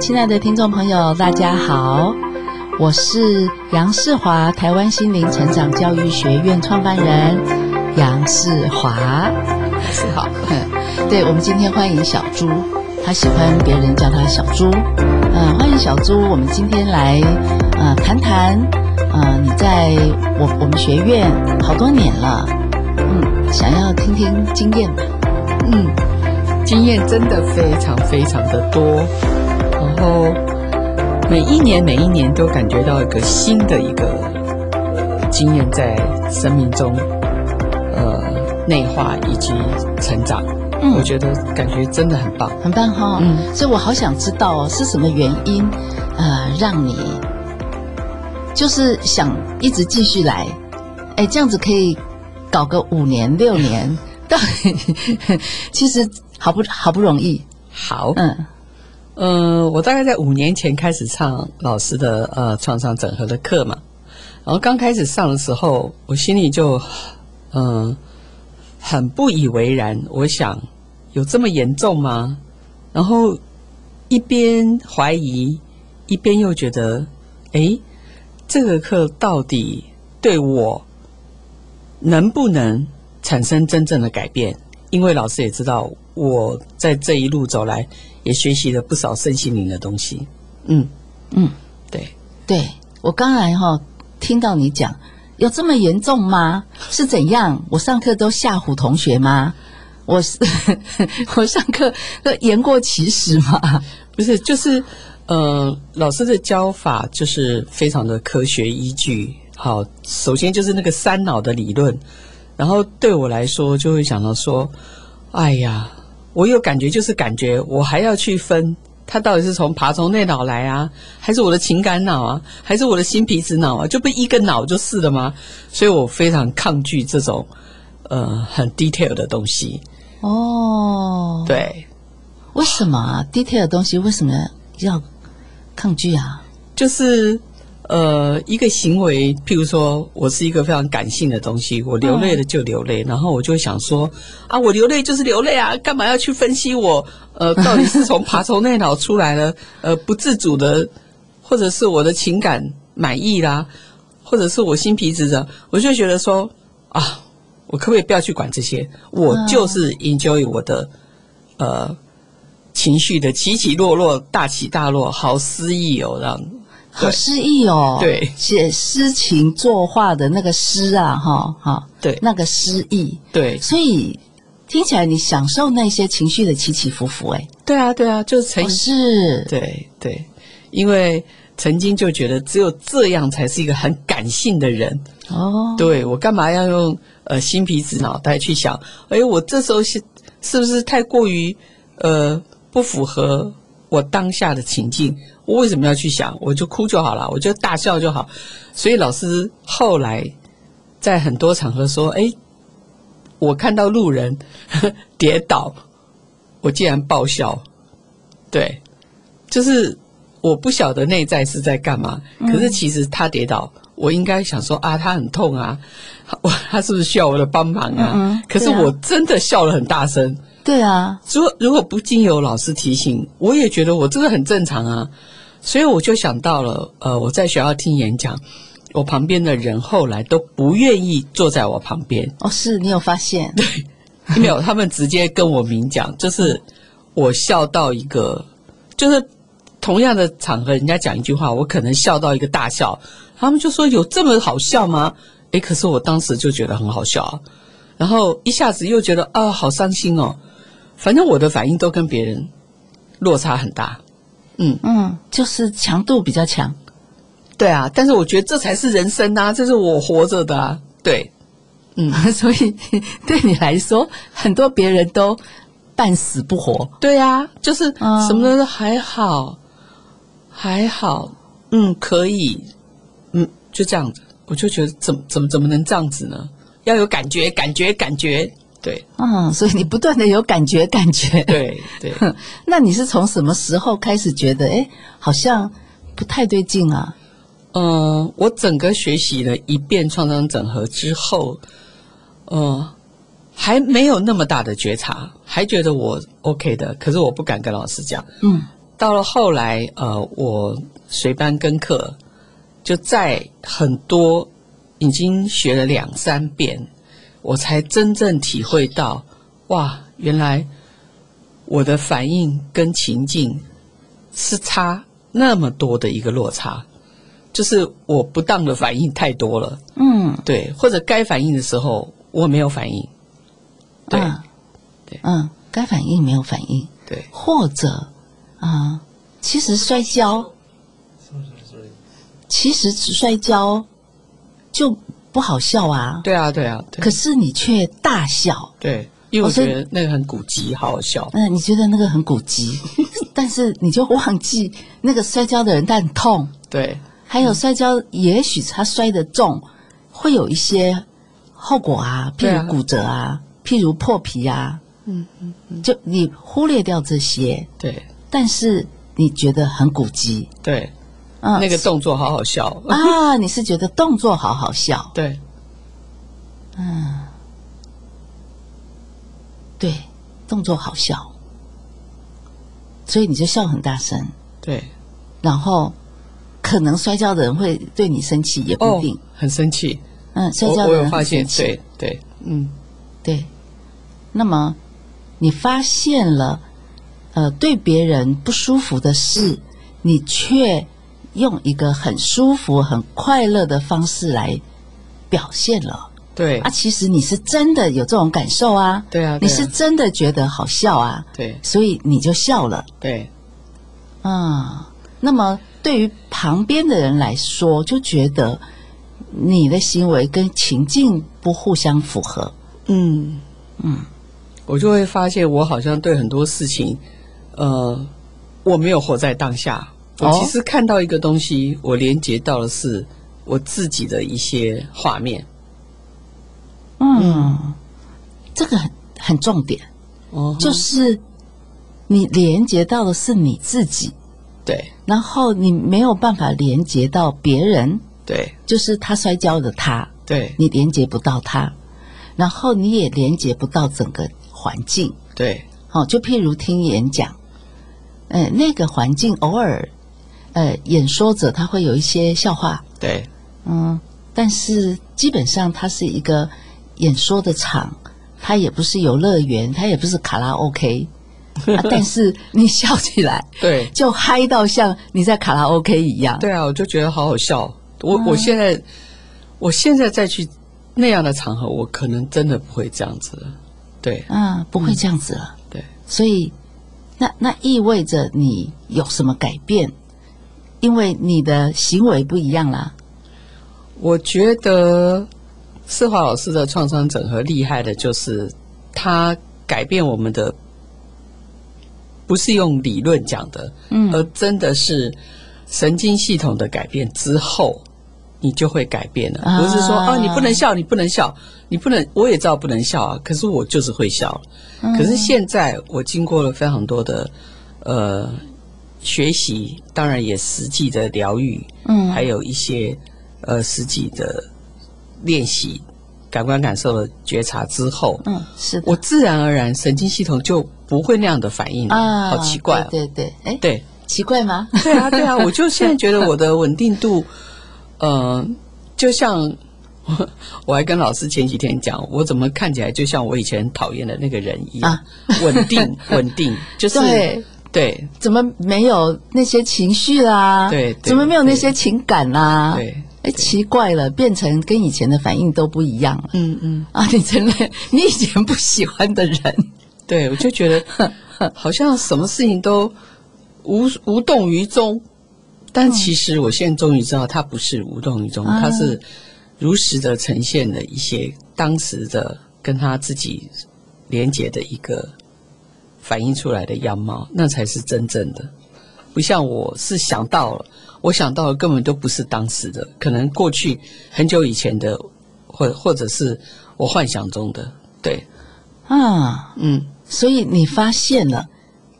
親愛的聽眾朋友，大家好，我是楊世華，台灣心靈成長教育學院創辦人楊世華，是好。 對，我們今天歡迎小朱，他喜歡別人叫他小朱。嗯、呃，歡迎小朱。我們今天來呃談談呃，你在我我們學院好多年了，嗯，想要聽聽經驗吧，嗯，經驗真的非常非常的多。然後每一年每一年都感覺到一個新的一個經驗在生命中呃內化以及成長，嗯，我覺得感覺真的很棒，很棒哈，哦。嗯，所以我好想知道哦，是什麼原因呃讓你就是想一直繼續來，哎，這樣子可以搞個五年六年， 到底其實好不好不容易？好，嗯。嗯、呃，我大概在五年前開始上老師的呃創傷整合的課嘛，然後剛開始上的時候，我心裡就嗯、呃、很不以為然，我想有這麼嚴重嗎？然後一邊懷疑，一邊又覺得，哎，這個課到底對我能不能產生真正的改變？因為老師也知道我在這一路走來也學習了不少身心靈的東西，嗯嗯，對對。我剛才哈、哦，聽到你講有這麼嚴重嗎？是怎樣？我上課都嚇唬同學嗎？我是 我上課都言過其實嗎？不是，就是呃，老師的教法就是非常的科學依據。好，首先就是那個三腦的理論。然後對我來說，就會想到說：“哎呀，我有感覺就是感覺，我還要去分他到底是從爬蟲類腦來啊，還是我的情感腦啊，還是我的新皮質腦啊？就不一個腦就是了嗎？”所以我非常抗拒這種呃很 detail 的東西哦。對，為什麼 detail 的東西為什麼要抗拒啊？就是。呃，一個行為，譬如說，我是一個非常感性的東西，我流淚了就流淚，嗯，然後我就想說，啊，我流淚就是流淚啊，幹嘛要去分析我？呃，到底是從爬蟲內腦出來了？ 呃，不自主的，或者是我的情感滿意啦，或者是我新皮質的，我就覺得說，啊，我可不可以不要去管這些？我就是 enjoy 我的，嗯、呃情緒的起起落落，大起大落，好失意哦，這樣。好詩意哦，對。寫詩情作畫的那個詩啊，哈，哈，對，那個詩意，對，所以聽起來你享受那些情緒的起起伏伏、欸，哎，對啊，對啊，就是曾、哦、是，對對，因為曾經就覺得只有這樣才是一個很感性的人哦，對，我幹嘛要用呃新皮質腦袋去想？哎，我這時候是是不是太過於呃不符合？我當下的情境，我為什麼要去想？我就哭就好了，我就大笑就好。所以老師後來在很多場合說：“欸，我看到路人跌倒，我竟然爆笑。對，就是我不曉得內在是在幹嘛。可是其實他跌倒，我應該想說啊，他很痛啊，我他是不是需要我的幫忙啊，嗯嗯啊？可是我真的笑了很大聲。”對啊，如果如果不經由老師提醒，我也覺得我這個很正常啊，所以我就想到了，呃，我在學校聽演講，我旁邊的人後來都不願意坐在我旁邊。哦，是你有發現？對、嗯，沒有，他們直接跟我明講，就是我笑到一個，就是同樣的場合，人家講一句話，我可能笑到一個大笑，他們就說有這麼好笑嗎？誒，可是我當時就覺得很好笑啊，然後一下子又覺得啊，好傷心哦。反正我的反應都跟別人落差很大，嗯嗯，就是強度比較強，對啊。但是我覺得這才是人生啊，這是我活着的啊，對，嗯。所以對你來說，很多別人都半死不活，對啊，就是什麼都還好，嗯，還好，嗯，可以，嗯，就這樣子。我就覺得怎麼怎麼怎麼能這樣子呢？要有感覺，感覺，感覺。對，嗯，所以你不斷的有感覺，感覺對對。那你是從什麼時候開始覺得，哎，好像不太對勁啊？嗯、呃，我整個學習了一遍創傷整合之後，嗯、呃，還沒有那麼大的覺察，還覺得我 OK 的，可是我不敢跟老師講。嗯，到了後來，呃，我隨班跟課，就在很多已經學了兩三遍。我才真正體會到，哇，原來我的反應跟情境是差那麼多的一個落差，就是我不當的反應太多了。嗯，對，或者該反應的時候我沒有反應。對、啊。對。嗯，該反應沒有反應。對。對。或者，啊，其實摔跤，摔跤？其實只摔跤，就。不好笑啊！對啊，對啊，對。可是你卻大笑。對，因為我覺得那個很滑稽，好好笑。嗯，你覺得那個很滑稽，但是你就忘記那個摔跤的人他很痛。對，還有摔跤、嗯，也許他摔得重，會有一些後果啊，譬如骨折啊，啊譬如破皮啊。嗯嗯，就你忽略掉這些。對，但是你覺得很滑稽。對。對那個動作好好笑，嗯、啊！你是覺得動作好好笑？對，嗯，對，動作好笑，所以你就笑很大聲。對，然後可能摔跤的人會對你生氣，也不一定，哦、很生氣。嗯，摔跤的人很生氣，我我有發現，對，對，嗯，對。那麼你發現了，呃，對別人不舒服的事，嗯，你卻。用一個很舒服、很快樂的方式來表現了。對啊，其實你是真的有這種感受啊。對啊，你是真的覺得好笑啊。對，所以你就笑了。對，啊、嗯。那麼對於旁邊的人來說，就覺得你的行為跟情境不互相符合。嗯嗯，我就會發現，我好像對很多事情，呃，我沒有活在當下。我其實看到一個東西，我連接到的是我自己的一些畫面。嗯，這個很很重點。哦、uh-huh，就是你連接到的是你自己。對。然後你沒有辦法連接到別人。對。就是他摔跤的他。對。你連接不到他，然後你也連接不到整個環境。對。哦，就譬如聽演講，嗯、呃，那個環境偶爾。呃，演說者他會有一些笑話，對，嗯，但是基本上它是一個演說的場，它也不是遊樂園，它也不是卡拉 OK， 啊、但是你笑起來，對，就嗨到像你在卡拉 OK 一樣，對啊，我就覺得好好笑，我、啊、我現在我現在再去那樣的場合，我可能真的不會這樣子了，對，嗯，不會這樣子了，嗯、對，所以那那意味着你有什麼改變？因為你的行為不一樣了。我覺得世華老師的創傷整合厲害的，就是他改變我們的，不是用理論講的，而真的是神經系統的改變之後，你就會改變了。不是說啊，你不能笑，你不能笑，你不能，我也知道不能笑啊，可是我就是會笑。可是現在我經過了非常多的，呃。學習當然也實際的療癒，嗯，還有一些呃實際的練習，感官感受的覺察之後，嗯，是的。我自然而然神經系統就不會那樣的反應啊，好奇怪哦，對對對，誒，對，奇怪嗎？對啊對啊，我就現在覺得我的穩定度，嗯， 呃，就像我，我還跟老師前幾天講，我怎麼看起來就像我以前討厭的那個人一樣，啊，穩定穩定，就是。對，怎麼沒有那些情緒啦、啊？對，怎麼沒有那些情感啦、啊？對，哎，奇怪了，變成跟以前的反應都不一樣了。嗯嗯，啊，你真的，你以前不喜歡的人，對，我就覺得 好像什麼事情都無無動於衷，但其實我現在終於知道，他不是無動於衷，嗯、他是如實的呈現了一些當時的跟他自己連接的一個。反映出來的樣貌，那才是真正的。不像我是想到了，我想到的根本都不是當時的，可能過去很久以前的，或或者是我幻想中的。對，啊，嗯。所以你發現了，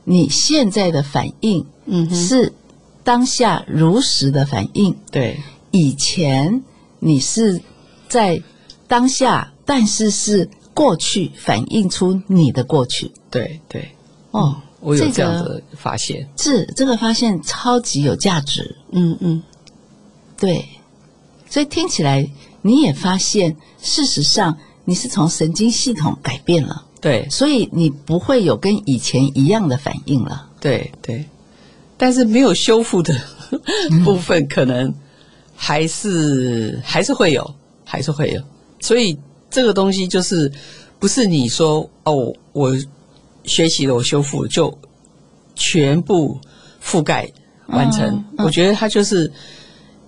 你現在的反應，嗯，是當下如實的反應。對，嗯，以前你是，在當下，但是是過去反映出你的過去。對對，哦、嗯，我有這樣的發現，這個、是這個發現超級有價值。嗯嗯，對，所以聽起來你也發現，事實上你是從神經系統改變了，對，所以你不會有跟以前一樣的反應了。對對，但是沒有修復的部分，嗯、可能還是還是會有，還是會有。所以這個東西就是不是你說哦我。學習了我修復就全部覆蓋完成，嗯嗯，我覺得它就是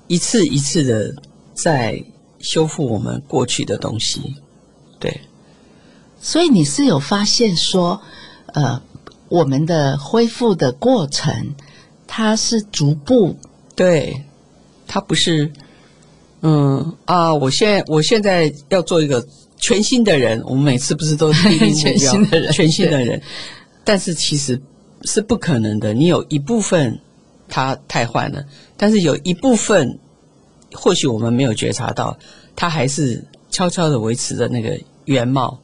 一次一次的在修復我們過去的東西，對。所以你是有發現說，呃，我們的恢復的過程，它是逐步，對，它不是，嗯啊，我現在我現在要做一個全新的人，我們每次不是都定目標？全新的人，全新的人，但是其實是不可能的。你有一部分他太壞了，但是有一部分或許我們沒有覺察到，他還是悄悄的維持着那個原貌，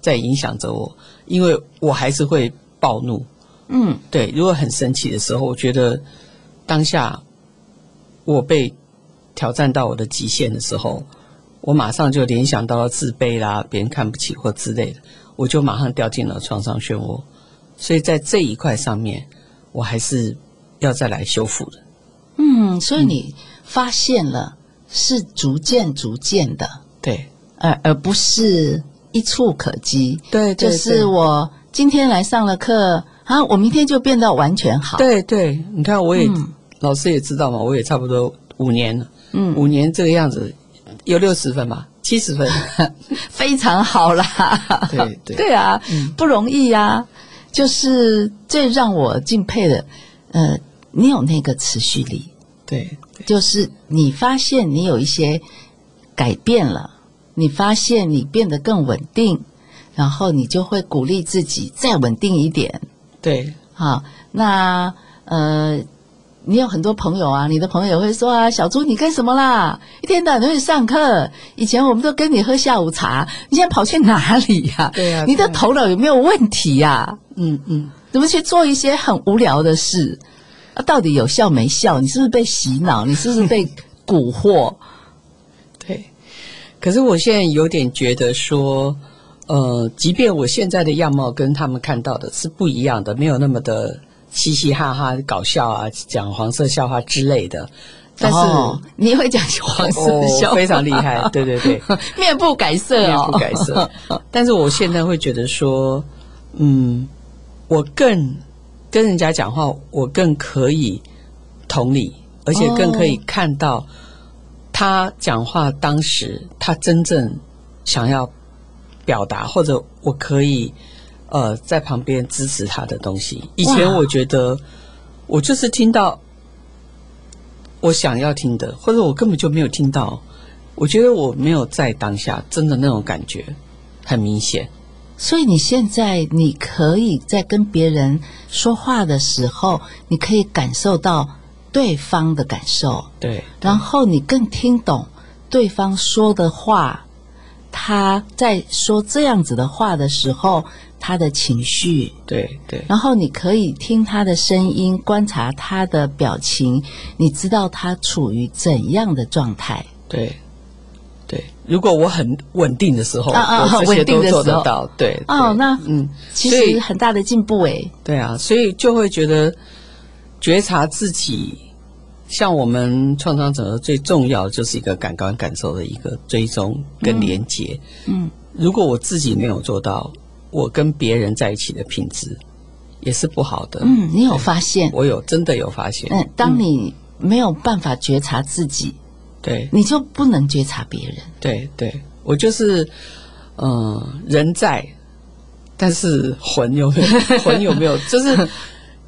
在影響着我，因為我還是會暴怒。嗯，對，如果很生氣的時候，我覺得當下我被挑戰到我的極限的時候。我馬上就聯想到了自卑啦，別人看不起或之類的，我就馬上掉進了創傷漩渦。所以在這一塊上面，我還是要再來修復的。嗯，所以你發現了、嗯、是逐漸逐漸的，對，而而不是一蹴可幾，對。對，就是我今天來上了課啊，我明天就變得完全好。對對，你看我也、嗯、老師也知道嘛，我也差不多五年了，嗯，五年這個樣子。有六十分吧，七十分， 非常好啦。 對對對啊、嗯，不容易呀、啊。就是最讓我敬佩的，呃，你有那個持續力對。對，就是你發現你有一些改變了，你發現你變得更穩定，然後你就會鼓勵自己再穩定一點。對，好，那呃。你有很多朋友啊，你的朋友會說啊，小朱你幹什麼啦？一天到晚都去上課，以前我們都跟你喝下午茶，你現在跑去哪裡呀、啊？對呀、啊，你的頭腦有沒有問題呀、啊啊啊？嗯嗯，怎麼去做一些很無聊的事？啊，到底有效沒效？你是不是被洗腦？你是不是被蠱惑？對，對，可是我現在有點覺得說，呃，即便我現在的樣貌跟他們看到的是不一樣的，沒有那麼的。嘻嘻哈哈搞笑啊，講黃色笑話之類的。但是你會講黃色笑話，哦，非常厲害，對對對， 面不改色、哦、面不改色。但是我現在會覺得說，嗯，我更跟人家講話，我更可以同理，而且更可以看到他講話當時他真正想要表達，或者我可以。呃，在旁邊支持他的東西。以前我覺得，wow. 我就是聽到我想要聽的，或者我根本就沒有聽到。我覺得我沒有在當下，真的那種感覺很明顯。所以你現在，你可以在跟別人說話的時候，你可以感受到對方的感受，對，然後你更聽懂對方說的話。他在說這樣子的話的時候。他的情緒，對對，然後你可以聽他的聲音，觀察他的表情，你知道他處於怎樣的狀態。對對，如果我很穩定的時候，啊、我這些都做得到。啊、對，對，哦，那嗯，其實很大的進步誒。對啊，所以就會覺得覺察自己，像我們創傷整合最重要的就是一個感官感受的一個追蹤跟連接，嗯。嗯，如果我自己沒有做到。我跟別人在一起的品質也是不好的。嗯，你有發現？我有，真的有發現。嗯，當你沒有辦法覺察自己，對，你就不能覺察別人。對，對，我就是，嗯、呃，人在，但是魂有沒有？魂有沒有？ 就是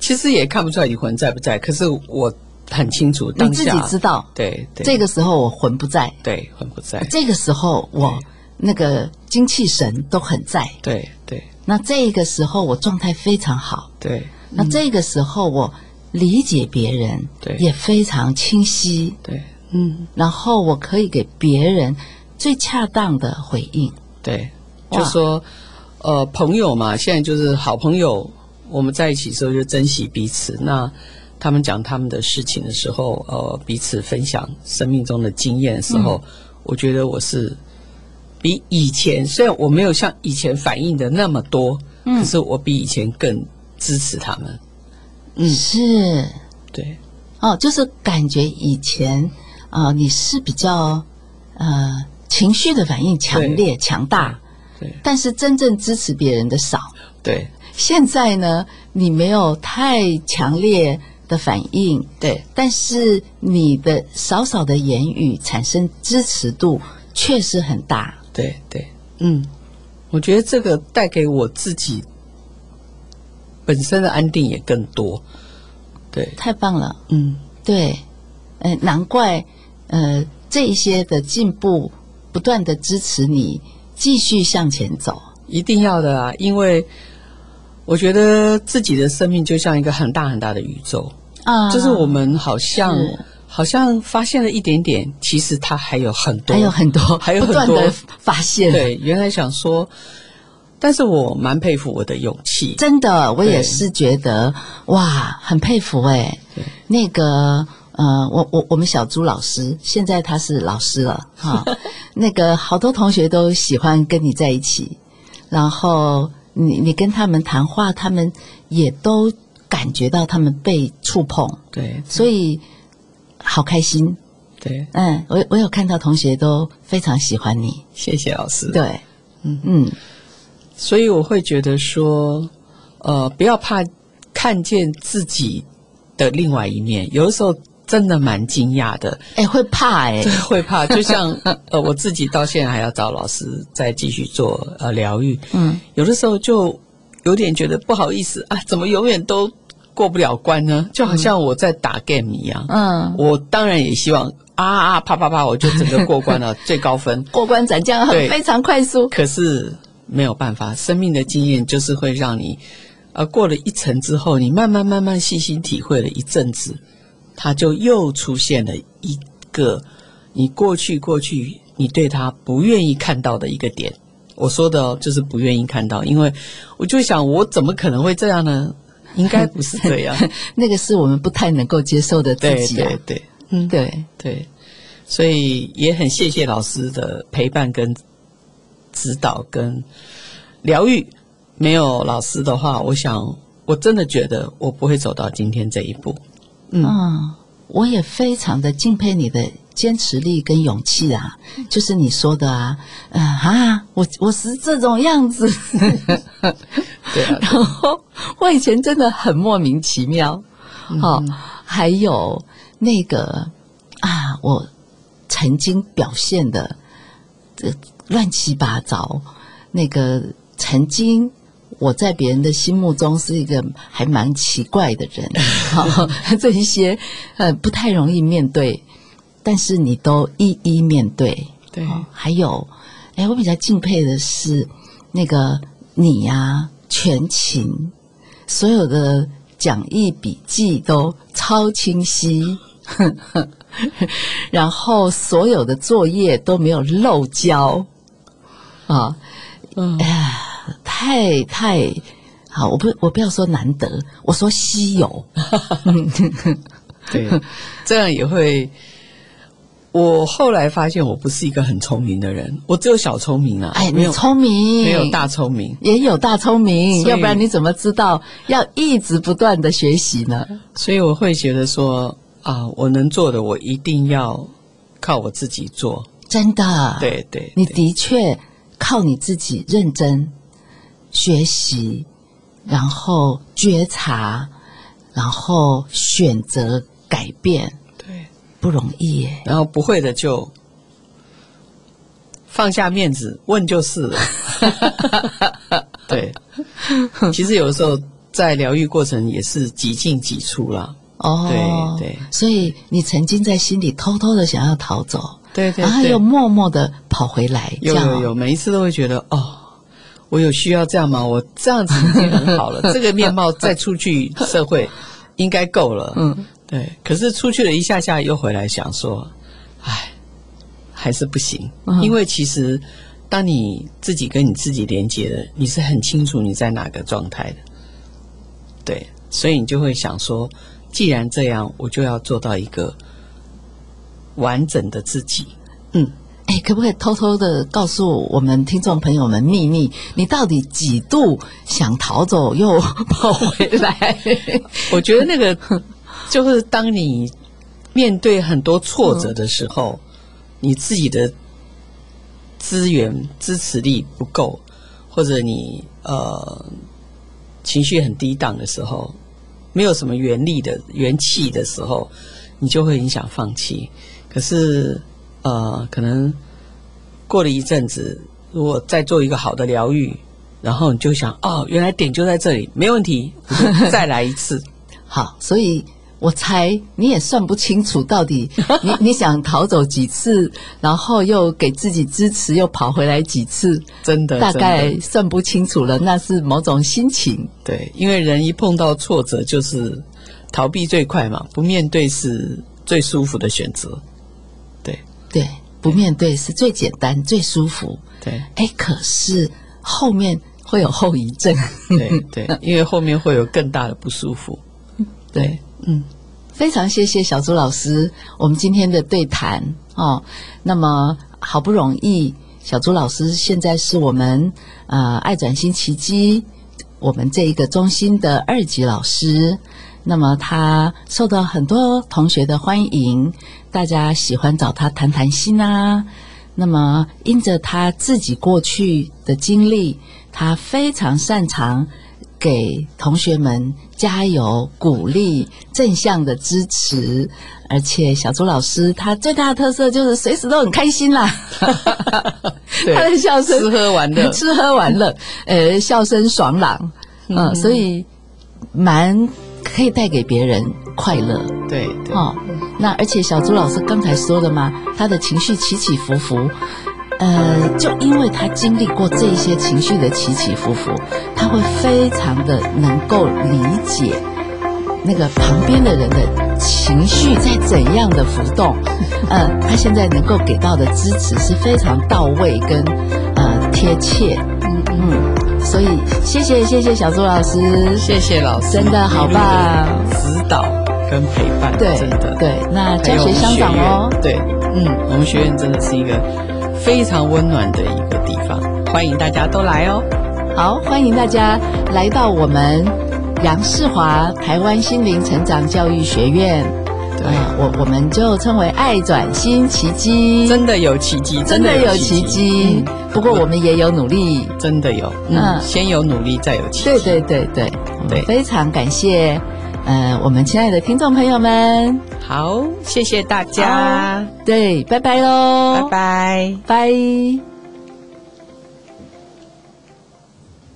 其實也看不出來你魂在不在。可是我很清楚當下，你自己知道對。對，這個時候我魂不在。對，魂不在。這個時候我。那個精氣神都很在，對對。那這個時候我狀態非常好，對。嗯、那這個時候我理解別人，對，也非常清晰，對，對，嗯。然後我可以給別人最恰當的回應，對。就是、說，呃，朋友嘛，現在就是好朋友，我們在一起的時候就珍惜彼此。那他們講他們的事情的時候，呃，彼此分享生命中的經驗的時候，嗯、我覺得我是。比以前雖然我沒有像以前反應的那麼多，嗯，可是我比以前更支持他們。嗯，是對。哦，就是感覺以前啊，呃，你是比較呃情緒的反應強烈，強大，對，對，但是真正支持別人的少。對，現在呢，你沒有太強烈的反應，對，但是你的少少的言語產生支持度確實很大。對對，嗯，我覺得這個帶給我自己本身的安定也更多，對，太棒了，嗯，對，呃，難怪，呃，這一些的進步，不斷的支持你繼續向前走，一定要的啊，因為我覺得自己的生命就像一個很大很大的宇宙啊，就是我們好像。嗯好像發現了一點點，其實他還有很多，還有很多，還有很多發現。對，原來想說，但是我蠻佩服我的勇氣。真的，我也是覺得哇，很佩服哎、欸。那個呃，我我我們小朱老師現在他是老師了哈。哦、 那個好多同學都喜歡跟你在一起，然後你你跟他們談話，他們也都感覺到他們被觸碰。對，所以。好開心，對，嗯，我我有看到同學都非常喜歡你，謝謝老師。對，嗯嗯，所以我會覺得說，呃，不要怕看見自己的另外一面，有的時候真的蠻驚訝的。哎、欸，會怕哎、欸，會怕。就像 呃，我自己到現在還要找老師再繼續做呃療癒，嗯，有的時候就有點覺得不好意思啊，怎麼永遠都。過不了關呢，就好像我在打 game 一樣。嗯，嗯，我當然也希望啊，啊，啪啪啪，我就整個過關了，呵呵最高分，過關斬將，很非常快速。可是沒有辦法，生命的經驗就是會讓你，呃，過了一層之後，你慢慢慢慢細心體會了一陣子，他就又出現了一個你過去過去你對他不願意看到的一個點。我說的、哦、就是不願意看到，因為我就想，我怎麼可能會這樣呢？應該不是這樣， 那個是我們不太能夠接受的自己啊。對對對，嗯，對對，所以也很謝謝老師的陪伴跟指導跟療癒。沒有老師的話，我想我真的覺得我不會走到今天這一步。嗯，我也非常的敬佩你的。堅持力跟勇氣啊，就是你說的啊，嗯啊，我我是這種樣子， 對、啊。然後我以前真的很莫名其妙，嗯、哦，還有那個啊，我曾經表現的這亂七八糟，那個曾經我在別人的心目中是一個還蠻奇怪的人，嗯哦、這一些呃不太容易面對。但是你都一一面對，對，哦、還有誒，我比較敬佩的是那個你呀、啊，全勤，所有的講義筆記都超清晰， 然後所有的作業都沒有漏交，啊、哦，嗯，哎、呀太太好，我不我不要說難得，我說稀有， 嗯、對， 這樣也會。我後來發現，我不是一個很聰明的人，我只有小聰明啊。哎，沒有你聰明，沒有大聰明，也有大聰明。要不然你怎麼知道要一直不斷地學習呢？所以我會覺得說啊，我能做的，我一定要靠我自己做。真的，對對，對，你的確靠你自己認真學習，然後覺察，然後選擇改變。不容易耶，然後不會的就放下面子問就是了， 對。其實有的時候在療癒過程也是幾進幾出啦。哦，對對。所以你曾經在心裡偷偷的想要逃走，對對，對，然後又默默的跑回來，有有有。喔、有有每一次都會覺得哦，我有需要這樣嗎？我這樣子已經很好了， 這個面貌再出去社會應該夠了。 嗯。對，可是出去了一下下，又回來想說，哎，還是不行。因為其實，當你自己跟你自己連接了，你是很清楚你在哪個狀態的。對，所以你就會想說，既然這樣，我就要做到一個完整的自己。嗯，哎、欸，可不可以偷偷的告訴我們聽眾朋友們祕密？你到底幾度想逃走又跑回來？ 我覺得那個。 就是當你面對很多挫折的時候，你自己的資源支持力不夠，或者你呃情緒很低檔的時候，沒有什麼元力的元氣的時候，你就會很想放棄。可是呃，可能過了一陣子，如果再做一個好的療癒，然後你就想哦，原來點就在這裡，沒問題，再來一次。 好，所以。我猜你也算不清楚，到底你 你想逃走幾次，然後又給自己支持，又跑回來幾次，真的大概算不清楚了。那是某種心情，對，因為人一碰到挫折就是逃避最快嘛，不面對是最舒服的選擇，對對，不面對是最簡單、最舒服，對，哎、欸，可是後面會有後遺症， 對對，因為後面會有更大的不舒服，對，對嗯。非常謝謝小朱老師，我們今天的對談哦。那麼好不容易，小朱老師現在是我們呃愛轉心奇蹟我們這一個中心的二級老師。那麼他受到很多同學的歡迎，大家喜歡找他談談心啊。那麼因着他自己過去的經歷，他非常擅長。給同學們加油、鼓勵、正向的支持，而且小朱老師他最大的特色就是隨時都很開心啦， 他的笑聲、吃喝玩樂、吃喝玩樂，呃，笑聲爽朗，嗯嗯，所以蠻可以帶給別人快樂。對，對哦，那而且小朱老師剛才說了嘛，他的情緒起起伏伏。呃，就因為他經歷過這些情緒的起起伏伏，他會非常的能夠理解那個旁邊的人的情緒在怎樣的浮動。呃，他現在能夠給到的支持是非常到位跟呃貼切。嗯嗯，所以謝謝謝謝小朱老師，謝謝老師，真的好棒，指導跟陪伴。對，真的對。那教學相長哦，學院，對，嗯，我們學院真的是一個。非常溫暖的一個地方，歡迎大家都來哦！好，歡迎大家來到我們楊世華台灣心靈成長教育學院。對，嗯、我我們就稱為愛轉心奇蹟，真的有奇蹟，真的有奇蹟。嗯、不過我們也有努力，嗯、真的有嗯，嗯，先有努力再有奇蹟。對對對對對，對對對非常感謝。呃，我們親愛的聽眾朋友們，好，謝謝大家，啊，對，拜拜嘍，拜拜，拜，拜。拜拜。